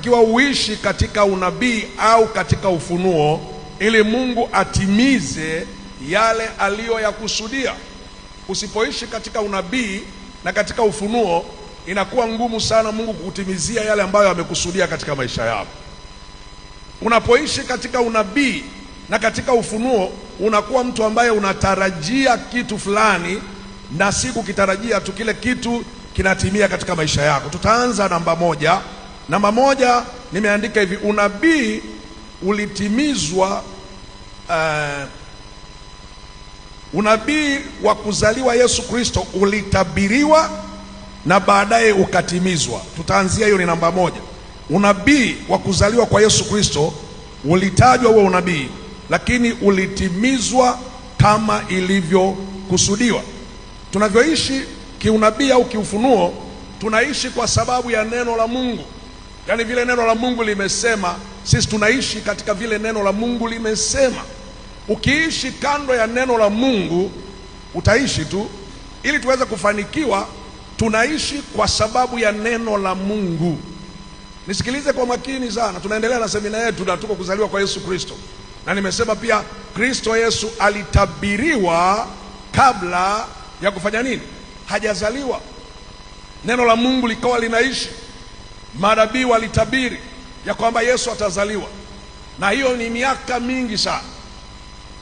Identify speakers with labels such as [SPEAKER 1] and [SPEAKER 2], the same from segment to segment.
[SPEAKER 1] unatakiwa uishi katika unabii au katika ufunuo ili Mungu atimize yale aliyoyakusudia. Usipoishi katika unabii na katika ufunuo, inakuwa ngumu sana Mungu kukutimizia yale ambayo amekusudia katika maisha yako. Unapoishi katika unabii na katika ufunuo, unakuwa mtu ambaye unatarajia kitu fulani na si kukitarajia tu, kile kitu kinatimia katika maisha yako. Tutaanza namba moja. Namba moja nimeandika hivi, unabii ulitimizwa uh, unabii wa kuzaliwa Yesu Kristo ulitabiriwa na baadaye ukatimizwa. Tutaanzia hiyo, ni namba moja. Unabii wa kuzaliwa kwa Yesu Kristo ulitajwa huo unabii, lakini ulitimizwa kama ilivyokusudiwa. Tunavyoishi kiunabii au kiufunuo, tunaishi kwa sababu ya neno la Mungu. Yaani vile neno la Mungu limesema, sisi tunaishi katika vile neno la Mungu limesema. Ukiishi kando ya neno la Mungu utaishi tu. Ili tuweze kufanikiwa, tunaishi kwa sababu ya neno la Mungu. Nisikilize kwa makini sana, tunaendelea na semina yetu na tuko kuzaliwa kwa Yesu Kristo, na nimesema pia Kristo Yesu alitabiriwa kabla ya kufanya nini? Hajazaliwa, neno la Mungu likawa linaishi manabii walitabiri ya kwamba Yesu atazaliwa, na hiyo ni miaka mingi sana.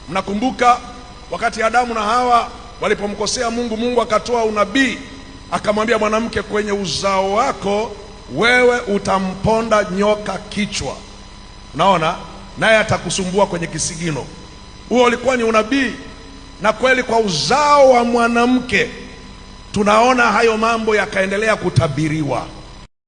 [SPEAKER 1] Mnakumbuka wakati Adamu na Hawa walipomkosea Mungu, Mungu akatoa unabii akamwambia mwanamke, kwenye uzao wako wewe utamponda nyoka kichwa, unaona, naye atakusumbua kwenye kisigino. Huo ulikuwa ni unabii, na kweli kwa uzao wa mwanamke tunaona hayo mambo yakaendelea kutabiriwa.